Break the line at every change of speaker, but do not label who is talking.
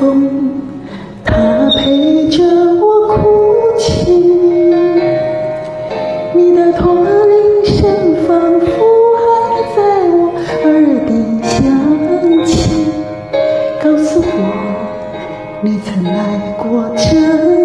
風，它陪着我哭
泣。你的駝鈴聲仿佛還在我耳邊響起，告訴我你曾來過這。